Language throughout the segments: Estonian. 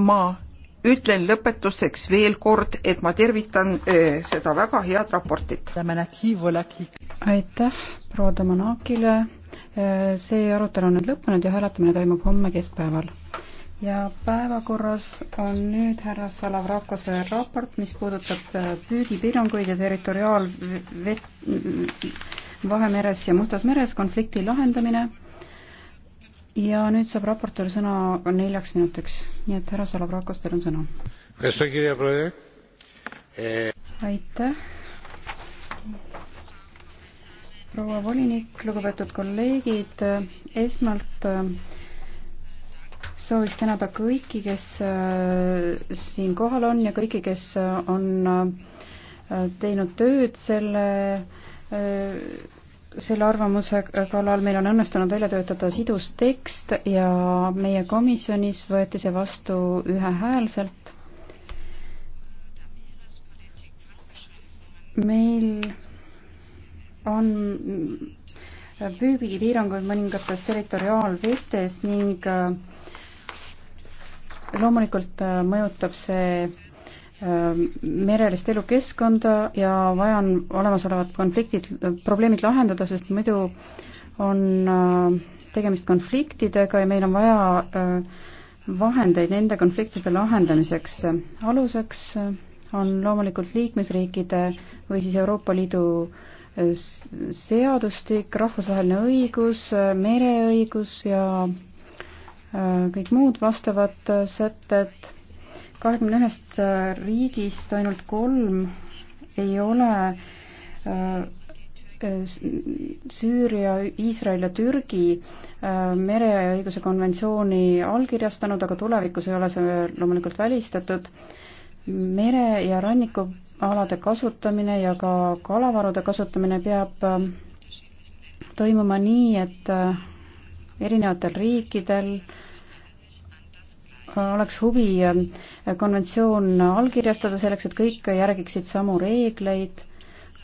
ma ütlen lõpetuseks veel kord, et ma tervitan öö, äh, seda väga head raportit. aitäh proua Damanakile. Äh, see arutelu on nüüd lõppenud ja hääletamine toimub homme keskpäeval. ja päevakorras on nüüd härra Salavrakose raport, mis puudutab äh, püügipiiranguid ja territoriaalvett Vahemeres ja Mustas meres konflikti lahendamine ja nüüd saab raportöör sõna neljaks minutiks, nii et härra Salavrakos, teil on sõna. Eh. aitäh. proua volinik, lugupeetud kolleegid, esmalt äh, sooviks tänada kõiki, kes äh, siin kohal on ja kõiki, kes äh, on teinud tööd selle selle arvamuse kallal meil on õnnestunud välja töötada sidus tekst ja meie komisjonis võeti see vastu ühehäälselt. meil on püügipiiranguid mõningates territoriaalvetes ning loomulikult mõjutab see merelist elukeskkonda ja vaja on olemasolevad konfliktid, probleemid lahendada, sest muidu on tegemist konfliktidega ja meil on vaja vahendeid nende konfliktide lahendamiseks. aluseks on loomulikult liikmesriikide või siis Euroopa Liidu seadustik, rahvusvaheline õigus, mereõigus ja kõik muud vastavad äh, sätted kahekümne ühest riigist ainult kolm ei ole äh, Süüria, Iisrael ja Türgi äh, mereõiguse konventsiooni allkirjastanud, aga tulevikus ei ole see loomulikult välistatud. mere- ja rannikualade kasutamine ja ka kalavarude kasutamine peab äh, toimuma nii, et erinevatel riikidel äh, oleks huvi äh, konventsioon allkirjastada selleks, et kõik järgiksid samu reegleid,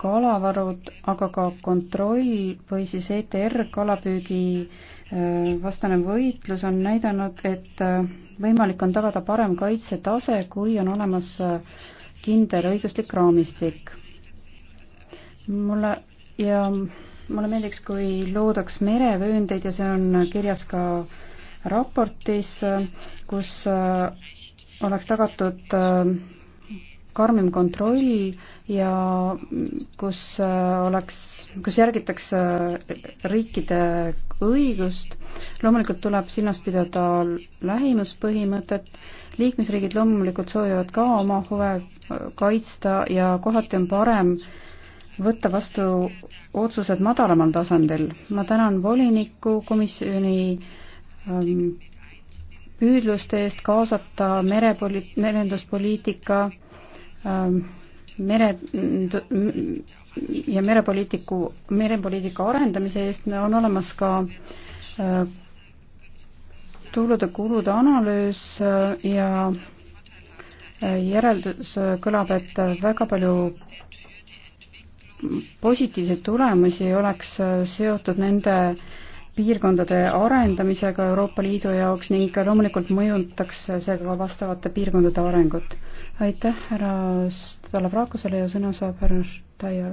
kalavarud, aga ka kontroll või siis ETR kalapüügi äh, vastane võitlus on näidanud, et äh, võimalik on tagada parem kaitsetase, kui on olemas kindel õiguslik raamistik. mulle ja mulle meeldiks, kui loodaks merevööndeid ja see on kirjas ka äh, raportis, kus äh, oleks tagatud äh, karmim kontroll ja kus äh, oleks, kus järgitakse riikide õigust. loomulikult tuleb silmas pidada lähimuspõhimõtet, liikmesriigid loomulikult soovivad ka oma huve kaitsta ja kohati on parem võtta vastu otsused madalamal tasandil. ma tänan volinikku, komisjoni Ehm, püüdluste eest kaasata merepoli-, merenduspoliitika ehm, mere ja merepoliitiku, merepoliitika arendamise eest on olemas ka ehm, tulude-kulude analüüs ja järeldus kõlab, et väga palju positiivseid tulemusi oleks seotud nende äh, piirkondade arendamisega Euroopa Liidu jaoks ning loomulikult mõjutaks see ka vastavate piirkondade arengut. aitäh härra Stalavrakosele ja sõna saab härra Štajer.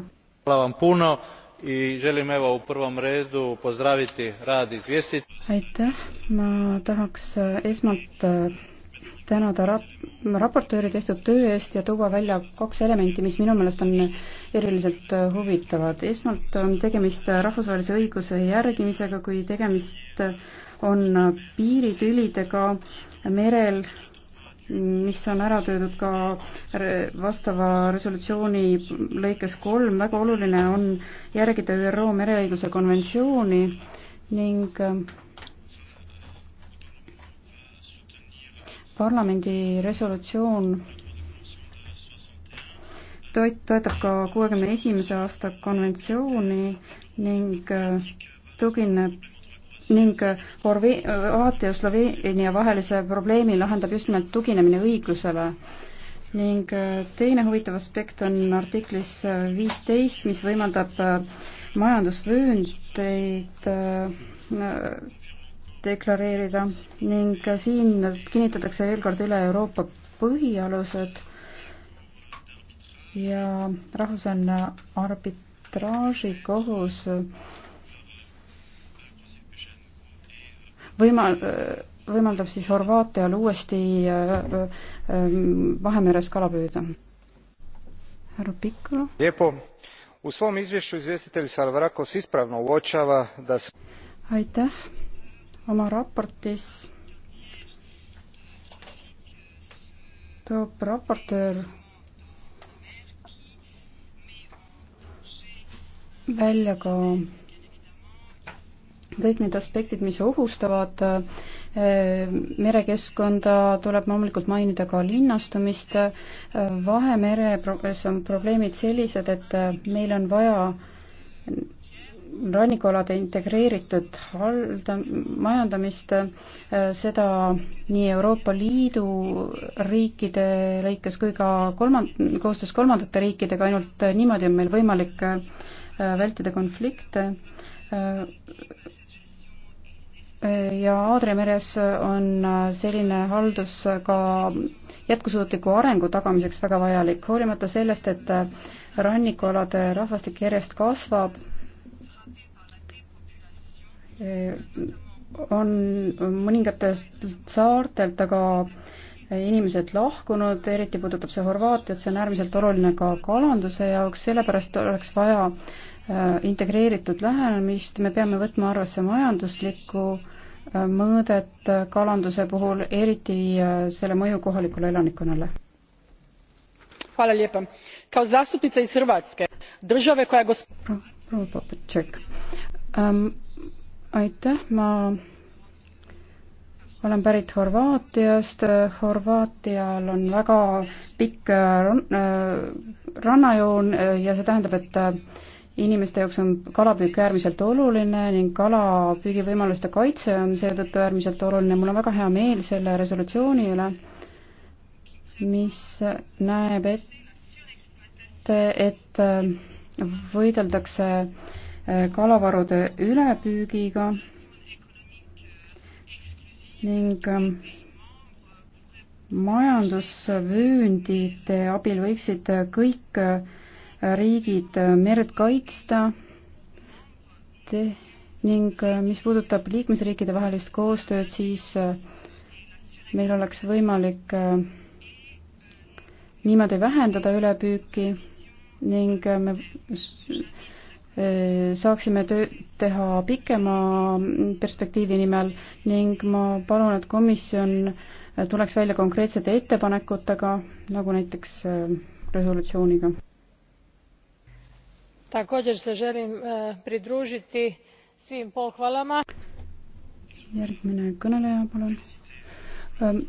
aitäh, ma tahaks eh, esmalt eh, tänada rap-, raportööri tehtud töö eest ja tuua välja kaks elementi, mis minu meelest on eriliselt äh, huvitavad. esmalt on tegemist äh, rahvusvahelise õiguse järgimisega, kui tegemist äh, on piiritülidega merel, mis on ära töödud ka vastava resolutsiooni lõikes kolm, väga oluline on järgida ÜRO mereõiguse konventsiooni ning parlamendi resolutsioon toet-, toetab ka kuuekümne esimese aasta konventsiooni ning äh, tugineb ning äh, Horve-, äh, Horvaatia ja Sloveenia vahelise probleemi lahendab just nimelt tuginemine õiglusele. ning teine huvitav aspekt on artiklis viisteist, mis võimaldab majandusvööndeid deklareerida ning siin kinnitatakse veel kord üle Euroopa põhialused ja rahvusvaheline arbitraažikohus võima-, võimaldab siis Horvaatial uuesti Vahemeres kala püüda. härra Pikula. u svom izvješću izvjestitelj Salvrakos ispravno uočava da aitäh oma raportis toob raportöör välja ka kõik need aspektid, mis ohustavad äh, merekeskkonda, tuleb loomulikult mainida ka linnastumist. Äh, Vahemeres on probleemid sellised, et äh, meil on vaja rannikualade integreeritud halda-, majandamist, äh, seda nii Euroopa Liidu riikide lõikes kui ka kolmand-, koostöös kolmandate riikidega, ainult äh, niimoodi on meil võimalik äh, vältida konflikte. ja Aadria meres on selline haldus ka jätkusuutliku arengu tagamiseks väga vajalik, hoolimata sellest, et rannikualade rahvastik järjest kasvab on mõningatest saartelt aga inimesed lahkunud, eriti puudutab see Horvaatiat, see on äärmiselt oluline ka kalanduse jaoks, sellepärast oleks vaja äh, integreeritud lähenemist, me peame võtma arvesse majanduslikku äh, mõõdet kalanduse puhul, eriti äh, selle mõju kohalikule elanikkonnale kao zastupnica iz hrvatske drave koja aitäh, ma olen pärit Horvaatiast, Horvaatial on väga pikk äh, rannajoon ja see tähendab, et äh, inimeste jaoks on kalapüük äärmiselt oluline ning kalapüügivõimaluste kaitse on seetõttu äärmiselt oluline. mul on väga hea meel selle resolutsiooni üle, mis näeb ette, et äh, võideldakse äh, kalavarude ülepüügiga ning ähm, majandusvööndite abil võiksid kõik äh, riigid äh, merd kaitsta Te, ning äh, mis puudutab liikmesriikide vahelist koostööd, siis meil oleks võimalik niimoodi vähendada ülepüüki ning me saaksime töö, teha pikema perspektiivi nimel ning ma palun, et komisjon tuleks välja konkreetsete ettepanekutega, nagu näiteks äh, resolutsiooniga. također se želim äh, pridružiti svim pohvalama. järgmine kõneleja, palun. Ähm,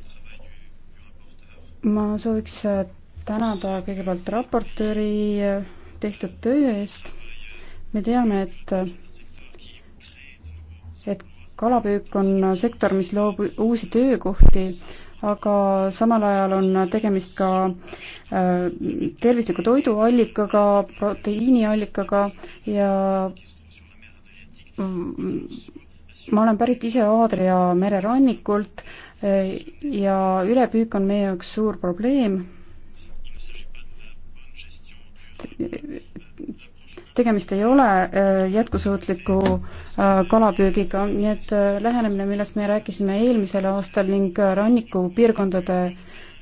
ma sooviks äh, tänada kõigepealt raportööri tehtud töö eest me teame, et et kalapüük on sektor, mis loob uusi töökohti, aga samal ajal on tegemist ka äh, tervisliku toiduallikaga, proteiiniallikaga ja ma olen pärit ise Aadria mererannikult äh, ja ülepüük on meie jaoks suur probleem tegemist ei ole äh, jätkusuutliku äh, kalapüügiga, nii et äh, lähenemine, millest me rääkisime eelmisel aastal ning rannikupiirkondade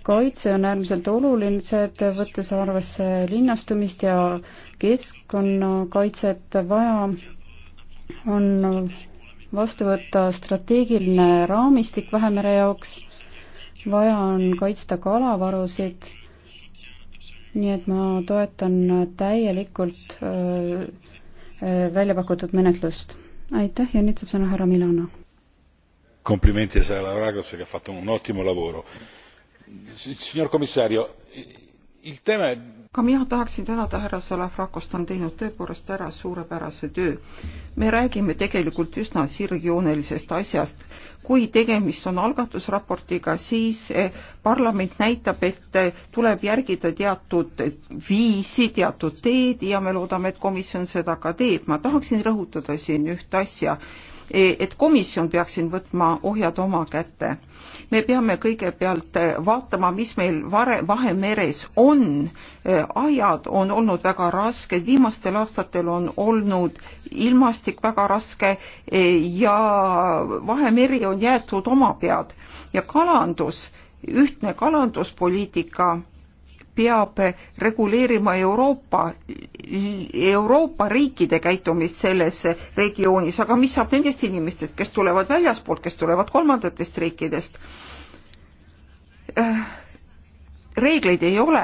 kaitse on äärmiselt olulised, võttes arvesse linnastumist ja keskkonnakaitset, vaja on vastu võtta strateegiline raamistik Vahemere jaoks, vaja on kaitsta kalavarusid nii et ma toetan täielikult äh, äh, välja pakutud menetlust. aitäh ja nüüd saab sõna härra Milano. Complimenti a Sarah Ragos che ha fatto un ottimo lavoro. Signor commissario, ka mina tahaksin tänada härra Salafrakost, ta on teinud tõepoolest ära suurepärase töö. me räägime tegelikult üsna sirgjoonelisest asjast. kui tegemist on algatusraportiga, siis eh, parlament näitab, et eh, tuleb järgida teatud viisi, teatud teed ja me loodame, et komisjon seda ka teeb. ma tahaksin rõhutada siin ühte asja E, et komisjon peaks siin võtma ohjad oma kätte. me peame kõigepealt vaatama, mis meil vare, Vahemeres on. E, ajad on olnud väga rasked, viimastel aastatel on olnud ilmastik väga raske e, ja Vahemeri on jäetud oma pead ja kalandus, ühtne kalanduspoliitika peab reguleerima Euroopa, Euroopa riikide käitumist selles regioonis, aga mis saab nendest inimestest, kes tulevad väljaspoolt, kes tulevad kolmandatest riikidest? reegleid ei ole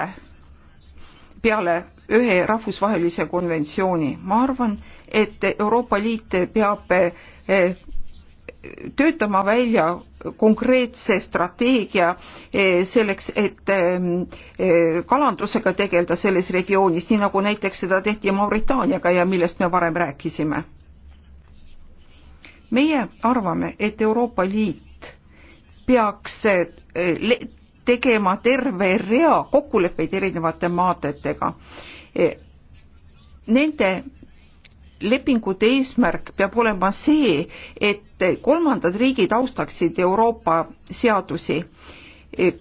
peale ühe rahvusvahelise konventsiooni. ma arvan, et Euroopa Liit peab eh, töötama välja konkreetse strateegia eh, selleks, et ehm, eh, kalandusega tegeleda selles regioonis, nii nagu näiteks seda tehti Mauritaaniaga ja millest me varem rääkisime. meie arvame, et Euroopa Liit peaks eh, tegema terve rea kokkuleppeid erinevate maadetega. Nende lepingute eesmärk peab olema see, et kolmandad riigid austaksid Euroopa seadusi.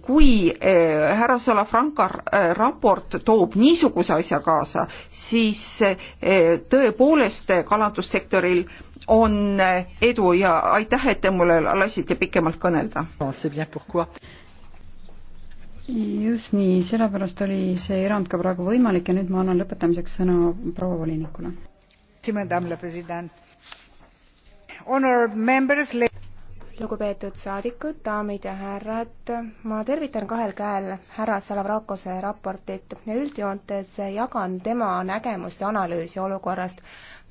kui eh, härra Salafranca eh, raport toob niisuguse asja kaasa, siis eh, tõepoolest kalandussektoril on edu ja aitäh, et te mulle lasite pikemalt kõnelda oh, just nii, sellepärast oli see erand ka praegu võimalik ja nüüd ma annan lõpetamiseks sõna proua volinikule lugupeetud saadikud, daamid ja härrad, ma tervitan kahel käel härra Salavrakose raportit ja üldjoontes jagan tema nägemust ja analüüsi olukorrast.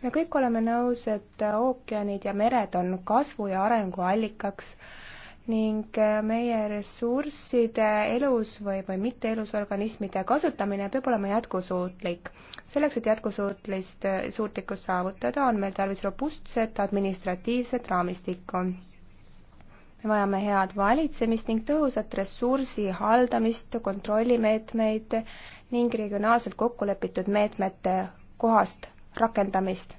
me kõik oleme nõus, et ookeanid ja mered on kasvu ja arengu allikaks ning äh, meie ressursside elus või, või mitteelus organismide kasutamine peab olema jätkusuutlik. selleks, et jätkusuutlist, äh, suutlikkust saavutada, on meil tarvis robustset administratiivset raamistikku. me vajame head valitsemist ning tõhusat ressursi haldamist, kontrollimeetmeid ning regionaalselt kokkulepitud meetmete kohast rakendamist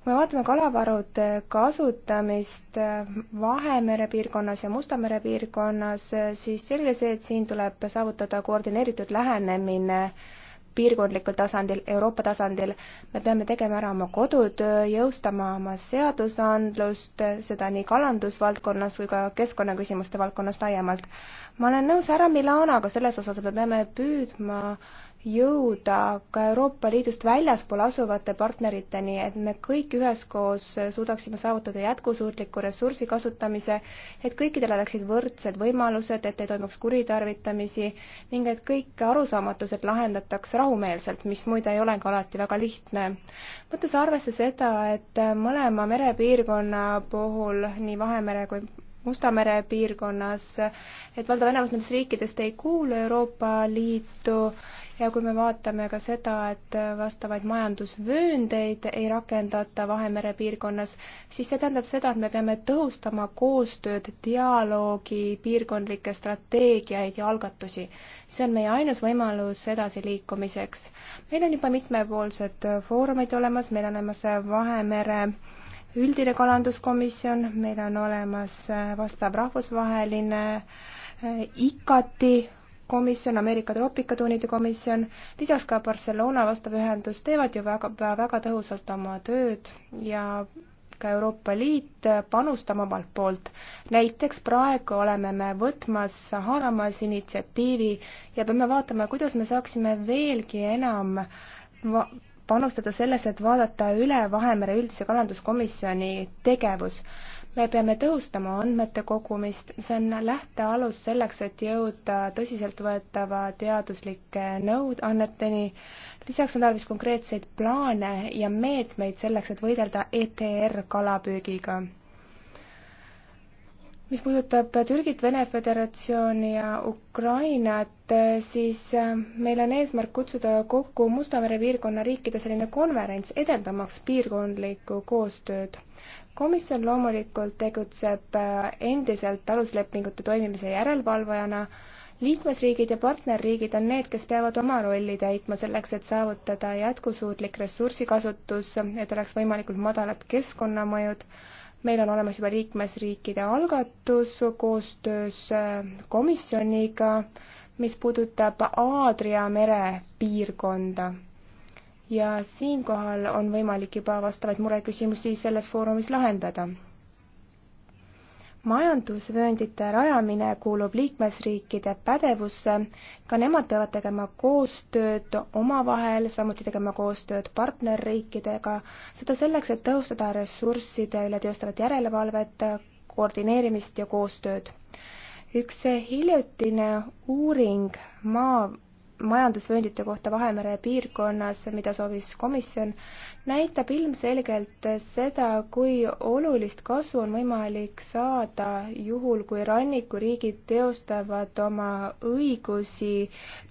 kui me vaatame kalavarude kasutamist äh, Vahemere piirkonnas ja Musta mere piirkonnas, äh, siis selge see, et siin tuleb saavutada koordineeritud lähenemine piirkondlikul tasandil, Euroopa tasandil. me peame tegema ära oma kodutöö, äh, jõustama oma seadusandlust, seda nii kalandusvaldkonnas kui ka keskkonnaküsimuste valdkonnas laiemalt. ma olen nõus härra Milanoga selles osas, et me peame püüdma jõuda ka Euroopa Liidust väljaspool asuvate partneriteni, et me kõik üheskoos suudaksime saavutada jätkusuutliku ressursi kasutamise, et kõikidel oleksid võrdsed võimalused, et ei toimuks kuritarvitamisi ning et kõik arusaamatused lahendataks rahumeelselt, mis muide ei ole ka alati väga lihtne. võttes arvesse seda, et mõlema merepiirkonna puhul, nii Vahemere kui Musta mere piirkonnas, et valdav enamus nendest riikidest ei kuulu Euroopa Liitu ja kui me vaatame ka seda, et vastavaid majandusvööndeid ei rakendata Vahemere piirkonnas, siis see tähendab seda, et me peame tõhustama koostööd, dialoogi, piirkondlikke strateegiaid ja algatusi. see on meie ainus võimalus edasiliikumiseks. meil on juba mitmepoolsed foorumid olemas, meil on olemas Vahemere üldine kalanduskomisjon, meil on olemas vastav rahvusvaheline eh, ICAT-i komisjon, Ameerika troopikatuunide komisjon, lisaks ka Barcelona vastav ühendus teevad ju väga, väga tõhusalt oma tööd ja ka Euroopa Liit panustab omalt poolt. näiteks praegu oleme me võtmas, haaramas initsiatiivi ja peame vaatama, kuidas me saaksime veelgi enam panustada sellesse, et vaadata üle Vahemere üldise kalanduskomisjoni tegevus me peame tõhustama andmete kogumist, see on lähtealus selleks, et jõuda tõsiseltvõetava teaduslike nõuanneteni. lisaks on tarvis konkreetseid plaane ja meetmeid selleks, et võidelda ETR kalapüügiga mis puudutab Türgit, Vene Föderatsiooni ja Ukrainat, siis meil on eesmärk kutsuda kokku Musta mere piirkonna riikide selline konverents, edendamaks piirkondlikku koostööd komisjon loomulikult tegutseb äh, endiselt aluslepingute toimimise järelevalvajana. liikmesriigid ja partnerriigid on need, kes peavad oma rolli täitma selleks, et saavutada jätkusuutlik ressursikasutus, et oleks võimalikult madalad keskkonnamõjud. meil on olemas juba liikmesriikide algatus koostöös äh, komisjoniga, mis puudutab Aadria mere piirkonda ja siinkohal on võimalik juba vastavaid mureküsimusi selles foorumis lahendada. majandusvööndite rajamine kuulub liikmesriikide pädevusse, ka nemad peavad tegema koostööd omavahel, samuti tegema koostööd partnerriikidega, seda selleks, et tõhustada ressursside üle teostavat järelevalvet, koordineerimist ja koostööd. üks hiljutine uuring maa majandusvööndite kohta Vahemere piirkonnas, mida soovis komisjon, näitab ilmselgelt seda, kui olulist kasu on võimalik saada juhul, kui rannikuriigid teostavad oma õigusi,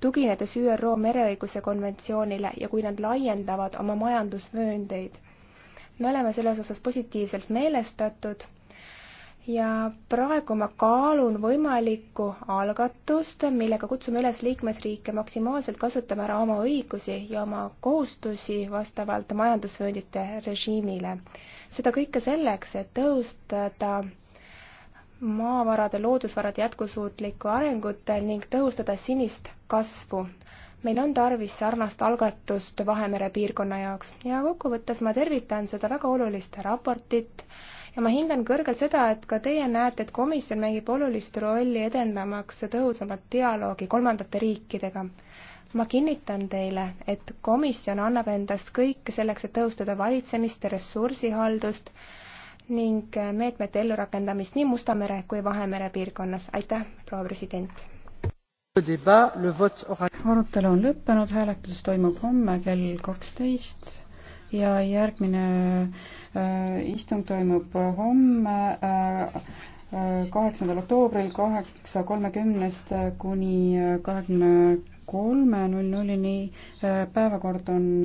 tuginedes ÜRO mereõiguse konventsioonile ja kui nad laiendavad oma majandusvööndeid. me oleme selles osas positiivselt meelestatud ja praegu ma kaalun võimalikku algatust, millega kutsume üles liikmesriike maksimaalselt kasutama ära oma õigusi ja oma kohustusi vastavalt majandusvööndite režiimile. seda kõike selleks, et tõhustada maavarade, loodusvarade jätkusuutlikku arengut ning tõhustada sinist kasvu meil on tarvis sarnast algatust Vahemere piirkonna jaoks ja kokkuvõttes ma tervitan seda väga olulist raportit, ma hindan kõrgelt seda, et ka teie näete, et komisjon mängib olulist rolli edendamaks tõhusamat dialoogi kolmandate riikidega. ma kinnitan teile, et komisjon annab endast kõike selleks, et tõhustada valitsemist, ressursihaldust ning meetmete ellurakendamist nii Musta mere kui Vahemere piirkonnas. aitäh, proua president! arutelu on lõppenud, hääletus toimub homme kell kaksteist ja järgmine äh, istung toimub homme, äh, äh, kaheksandal oktoobril kaheksa kolmekümnest kuni kahekümne kolme null nullini. päevakord on